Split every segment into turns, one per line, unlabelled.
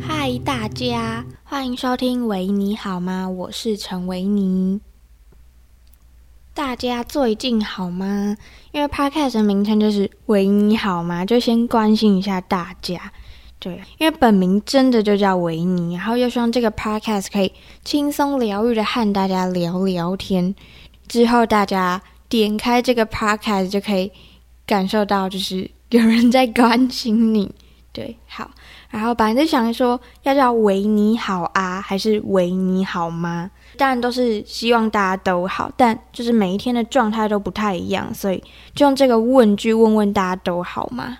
嗨，大家歡迎收聽維尼好嗎？我是陳維尼。大家最近好嗎？因為 Podcast 的名稱就是維尼好嗎？就先關心一下大家。對，因為本名真的就叫維尼，然後又希望這個 podcast 可以輕鬆療癒的和大家聊聊天，之後大家點開這個 podcast 就可以感受到，就是有人在關心你。對，好，然後本來就想說要叫維尼好啊，還是維尼好嗎？當然都是希望大家都好，但就是每一天的狀態都不太一樣，所以就用這個問句問問大家都好嗎？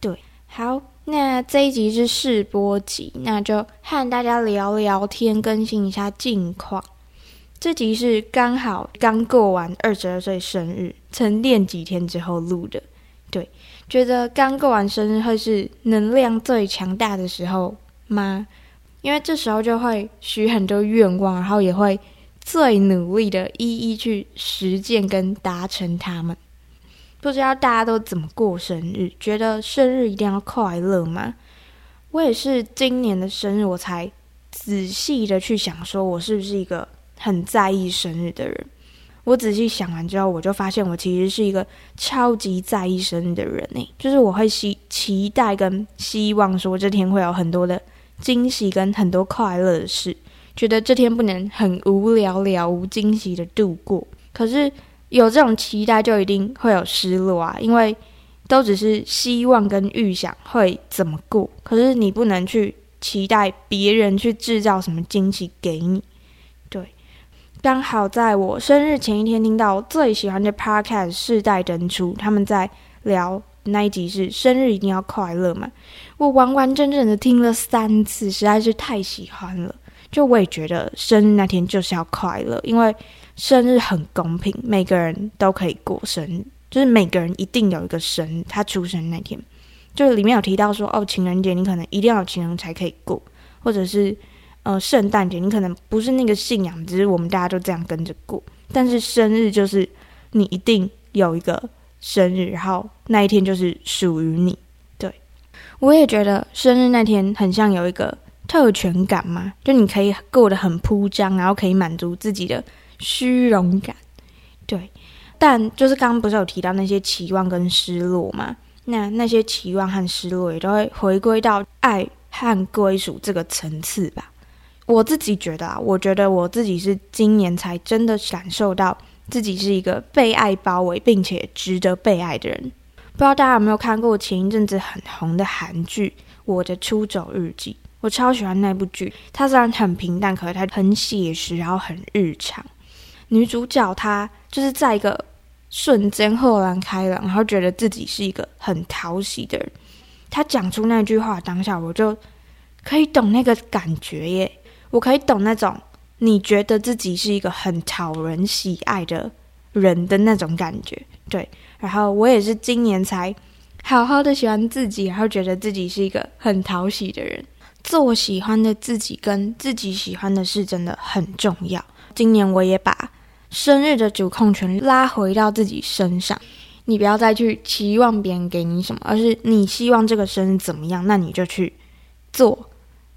對，好。那這一集是試播集，那就和大家聊聊天，更新一下近況。這集是剛好剛過完二十二歲生日，沉澱幾天之後錄的。對，覺得剛過完生日會是能量最強大的時候嗎？因為這時候就會許很多願望，然後也會最努力的一一去實踐跟達成他們。不知道大家都怎麼過生日？覺得生日一定要快樂嗎？我也是今年的生日，我才仔細的去想，說我是不是一個很在意生日的人？我仔細想完之後，我就發現我其實是一個超級在意生日的人。哎，就是我會期期待跟希望說這天會有很多的驚喜跟很多快樂的事，覺得這天不能很無聊了無驚喜的度過。可是。有這種期待，就一定會有失落啊！因為都只是希望跟預想會怎麼過，可是你不能去期待別人去制造什麼驚喜給你。對，剛好在我生日前一天，聽到我最喜歡的 podcast 世代登出，他們在聊那一集是生日一定要快樂嗎，我完完整整的聽了三次，實在是太喜歡了。就我也覺得生日那天就是要快樂，因為。生日很公平，每個人都可以過生日，就是每個人一定有一個生日。他出生那天，就是裡面有提到說，哦，情人節你可能一定要有情人才可以過，或者是呃，聖誕節你可能不是那個信仰，只是我們大家都這樣跟着過。但是生日就是你一定有一個生日，然後那一天就是屬於你。對我也覺得生日那天很像有一個特權感嘛，就你可以過得很鋪張，然後可以滿足自己的。虛榮感，對，但就是剛剛不是有提到那些期望跟失落嗎？那那些期望和失落也都會回歸到愛和歸屬這個層次吧。我自己覺得啊，我覺得我自己是今年才真的感受到自己是一個被愛包圍並且值得被愛的人。不知道大家有沒有看過前一陣子很紅的韓劇《我的出走日記》？我超喜歡那部劇，它雖然很平淡，可是它很寫實，然後很日常。女主角她就是在一個瞬間豁然開朗，然後覺得自己是一個很討喜的人。她講出那句話當下，我就可以懂那個感覺耶，我可以懂那種你覺得自己是一個很討人喜愛的人的那種感覺。對，然後我也是今年才好好的喜歡自己，然後覺得自己是一個很討喜的人。做喜歡的自己跟自己喜歡的事真的很重要。今年我也把。生日的主控權拉回到自己身上，你不要再去期望別人給你什麼，而是你希望這個生日怎麼樣，那你就去做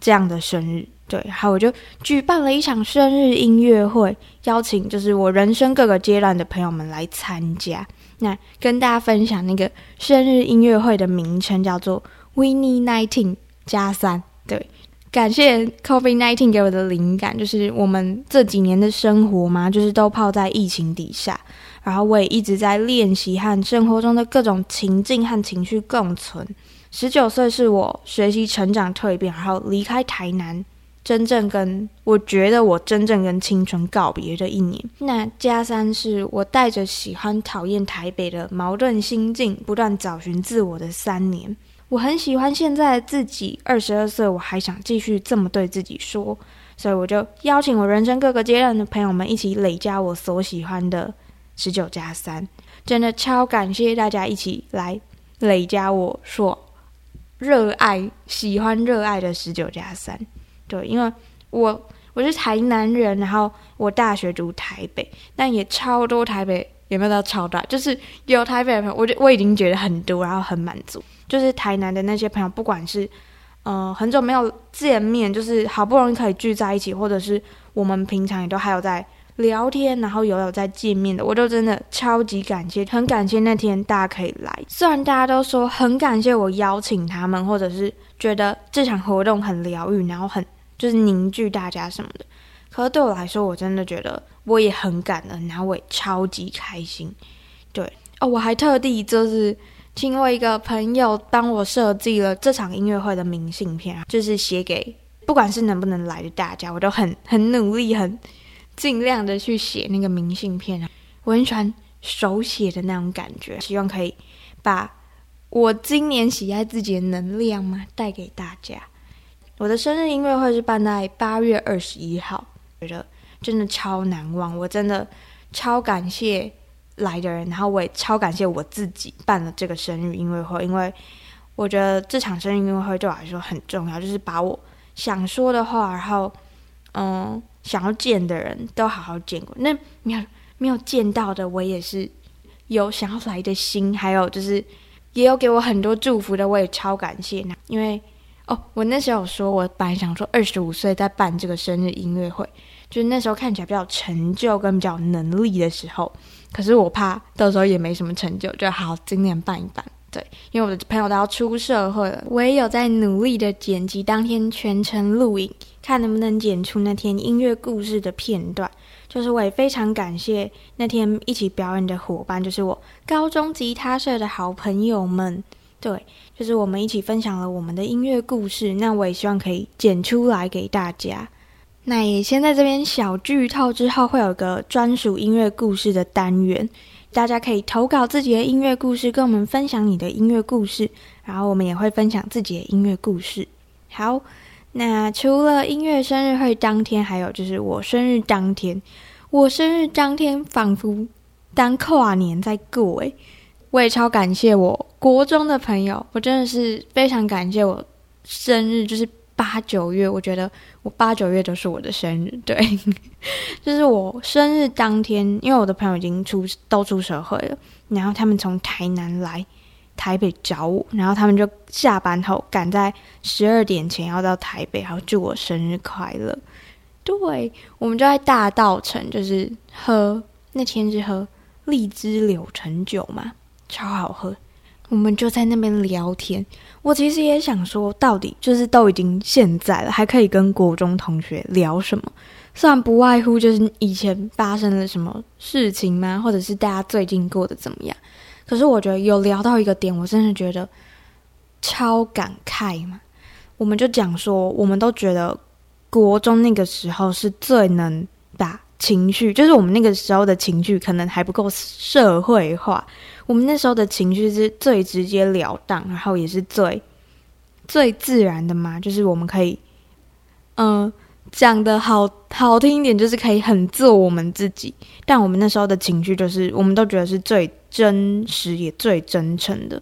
這樣的生日。對，還有我就舉辦了一場生日音樂會，邀請就是我人生各個階段的朋友們來參加。那跟大家分享那個生日音樂會的名稱叫做 Winnie 19加三”。對。感謝 COVID-19 給我的靈感，就是我們這幾年的生活嘛，就是都泡在疫情底下。然後我也一直在練習和生活中的各種情境和情緒共存。十九歲是我學習、成長、蛻變，然後離開台南，真正跟我覺得我真正跟青春告別的一年。那加三是我帶着喜歡、討厭台北的矛盾心境，不斷找尋自我的三年。我很喜歡現在的自己，二十二歲，我還想繼續這麼對自己說，所以我就邀請我人生各個階段的朋友們一起累加我所喜歡的十九加三，真的超感謝大家一起來累加我所熱愛、喜歡、熱愛的十九加三，對，因為我。我是台南人，然後我大學讀台北，但也超多台北，有沒有到超大？就是有台北的朋友，我就我已經覺得很多，然後很滿足。就是台南的那些朋友，不管是嗯、呃、很久沒有見面，就是好不容易可以聚在一起，或者是我們平常也都還有在聊天，然後有有在見面的，我都真的超級感謝，很感謝那天大家可以來。雖然大家都說很感謝我邀請他們，或者是覺得這場活動很療癒，然後很。就是凝聚大家什麼的，可是對我來說，我真的覺得我也很感恩，然後我也超級開心。對哦，我還特地就是請我一個朋友幫我設計了這場音樂會的明信片啊，就是寫給不管是能不能來的大家，我都很很努力、很盡量的去寫那個明信片啊。完全手寫的那種感覺，希望可以把我今年喜愛自己的能量嘛帶給大家。我的生日音樂會是辦在八月二十一號，覺得真的超難忘，我真的超感謝來的人，然後我也超感謝我自己辦了這個生日音樂會，因為我覺得這場生日音樂會對我來說很重要，就是把我想說的話，然後嗯，想要見的人都好好見過，那沒有沒有見到的，我也是有想要來的心，還有就是也有給我很多祝福的，我也超感謝那，因為。哦，我那時候有說，我本來想說二十五歲再辦這個生日音樂會，就是那時候看起來比較成就跟比較能力的時候。可是我怕到時候也沒什麼成就，就好今年辦一辦。對，因為我的朋友都要出社會了，我也有在努力的剪輯當天全程錄影，看能不能剪出那天音樂故事的片段。就是我也非常感謝那天一起表演的夥伴，就是我高中吉他社的好朋友們。對，就是我們一起分享了我們的音樂故事，那我也希望可以剪出來給大家。那也先在這邊小劇透，之後會有個專屬音樂故事的單元，大家可以投稿自己的音樂故事，跟我們分享你的音樂故事，然後我們也會分享自己的音樂故事。好，那除了音樂生日會當天，還有就是我生日當天，我生日當天仿佛當跨年在過誒。我也超感謝我國中的朋友，我真的是非常感謝。我生日就是八九月，我覺得我八九月都是我的生日，對， 就是我生日當天，因為我的朋友已經出都出社會了，然後他們從台南來台北找我，然後他們就下班後趕在十二點前要到台北，然後祝我生日快樂。對我們就在大稻埕，就是喝那天是喝荔枝柳橙酒嘛。超好喝，我們就在那邊聊天。我其實也想說，到底就是都已經現在了，還可以跟國中同學聊什麼？雖然不外乎就是以前發生了什麼事情嗎？或者是大家最近過得怎麼樣？可是我覺得有聊到一個點，我真的覺得超感慨嘛。我們就講說，我們都覺得國中那個時候是最能打。情緒就是我們那個時候的情緒，可能還不夠社會化。我們那時候的情緒是最直接了當，然後也是最最自然的嘛。就是我們可以，嗯、呃，講的好好聽一點，就是可以很做我們自己。但我們那時候的情緒，就是我們都覺得是最真實也最真誠的。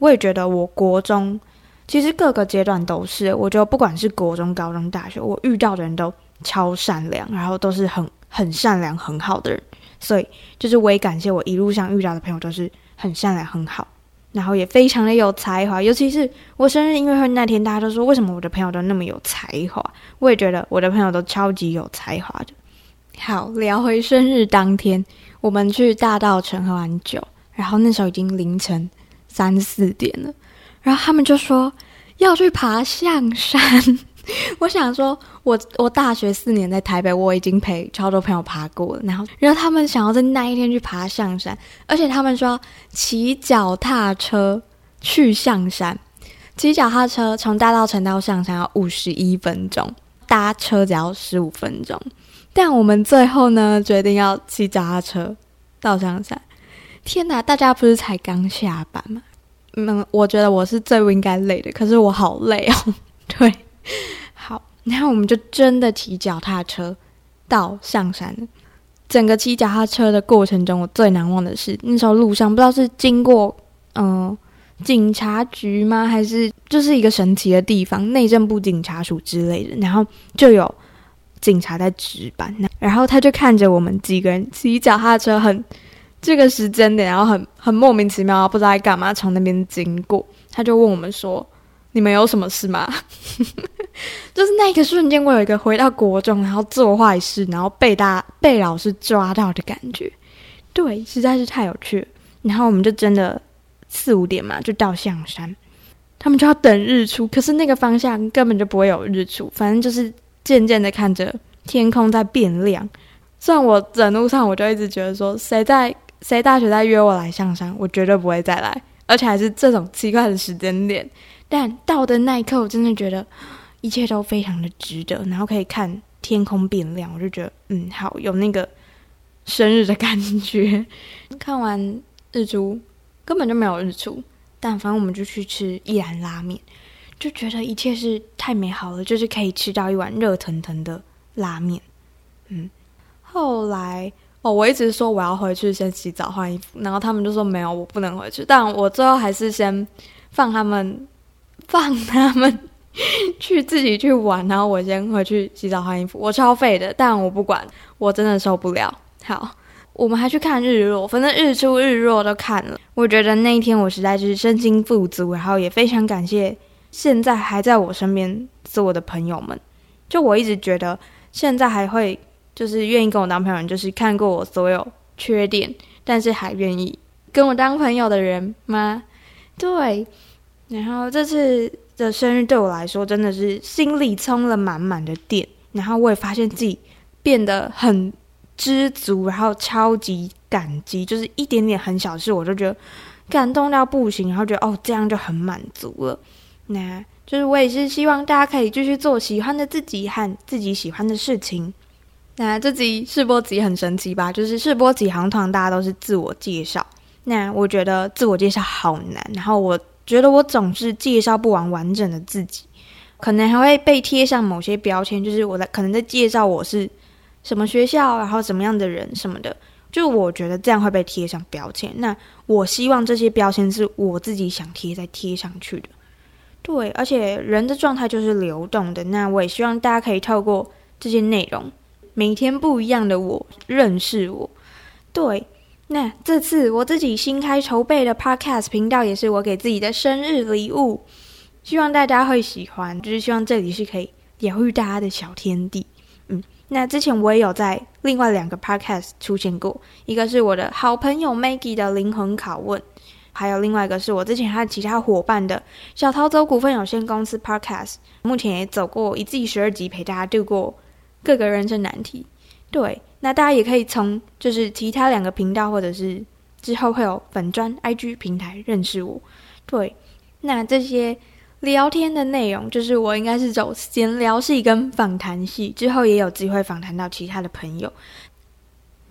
我也覺得，我國中其實各個階段都是，我就不管是國中、高中、大學，我遇到的人都超善良，然後都是很。很善良、很好的人，所以就是我也感謝我一路上遇到的朋友都是很善良、很好，然後也非常的有才華。尤其是我生日音樂會那天，大家都說，為什麼我的朋友都那麼有才華？我也覺得我的朋友都超級有才華的。好，聊回生日當天，我們去大稻埕喝完酒，然後那時候已經凌晨三四點了，然後他們就說要去爬象山。 我想說，我我大學四年在台北，我已經陪超多朋友爬過了。然後，然後他們想要在那一天去爬象山，而且他們說騎腳踏車去象山，騎腳踏車從大稻埕到象山要五十一分鐘，搭車只要十五分鐘。但我們最後呢，決定要騎腳踏車到象山。天哪，大家不是才剛下班嗎？嗯，我覺得我是最不應該累的，可是我好累哦。對。好，然後我們就真的騎腳踏車到上山了。整個騎腳踏車的過程中，我最難忘的是那時候路上不知道是經過嗯、呃、警察局嗎？還是就是一個神奇的地方，內政部警察署之類的。然後就有警察在值班，然後他就看着我們幾個人騎腳踏車很，很這個時間點，然後很很莫名其妙，不知道在幹嘛，從那邊經過，他就問我們說：“你們有什麼事嗎？” 就是那個瞬間，我有一個回到國中，然後做壞事，然後被大被老師抓到的感覺。對，實在是太有趣了。然後我們就真的四五點嘛，就到象山，他們就要等日出。可是那個方向根本就不會有日出，反正就是漸漸的看着天空在變亮。雖然我整路上我就一直覺得說，誰在誰大學在約我來象山，我絕對不會再來，而且還是這種奇怪的時間點。但到的那一刻，我真的覺得，一切都非常的值得，然後可以看天空變亮，我就覺得嗯，好有那個生日的感覺。 看完日出，根本就沒有日出，但反正我們就去吃一蘭拉麵，就覺得一切是太美好了，就是可以吃到一碗熱騰騰的拉麵。嗯，後來哦，我一直說我要回去先洗澡換衣服，然後他們就說沒有，我不能回去，但我最後還是先放他們放他們。 去自己去玩，然後我先回去洗澡換衣服。我超廢的，但我不管，我真的受不了。好，我們還去看日落，反正日出日落都看了。我覺得那一天我實在是身心富足，然後也非常感謝現在還在我身邊做我的朋友們。就我一直覺得，現在還會就是願意跟我當朋友，就是看過我所有缺點，但是還願意跟我當朋友的人嗎？對，然後這次。的生日對我來說真的是心裡充了滿滿的電，然後我也發現自己變得很知足，然後超級感激，就是一點點很小事我就覺得感動到不行，然後覺得哦，這樣就很滿足了。那就是我也是希望大家可以繼續做喜歡的自己和自己喜歡的事情。那這集試播集很神奇吧？就是試播集通常大家都是自我介紹，那我覺得自我介紹好難，然後我。覺得我總是介紹不完完整的自己，可能還會被貼上某些標籤，就是我在可能在介紹我是什麼學校，然後怎麼樣的人什麼的，就我覺得這樣會被貼上標籤。那我希望這些標籤是我自己想貼再貼上去的。對，而且人的狀態就是流動的，那我也希望大家可以透過這些內容，每天不一樣的我認識我。對。那這次我自己新開籌備的 Podcast 頻道，也是我給自己的生日禮物，希望大家會喜歡，就是希望這裡是可以療癒大家的小天地。嗯，那之前我也有在另外兩個 Podcast 出現過，一個是我的好朋友 Maggie 的《靈魂拷問》，還有另外一個是我之前和其他伙伴的《小逃走股份有限公司 Podcast》，目前也走過一季十二集，陪大家度過各個人生難題。對。那大家也可以從就是其他兩個頻道，或者是之後會有粉專 IG 平台認識我。對，那這些聊天的內容，就是我應該是走閒聊系跟訪談系，之後也有機會訪談到其他的朋友。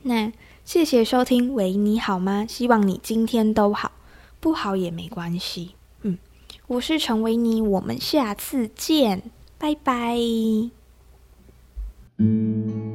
那謝謝收聽維尼好嗎？希望你今天都好，不好也沒關係。嗯，我是陳維尼，我們下次見，拜拜。嗯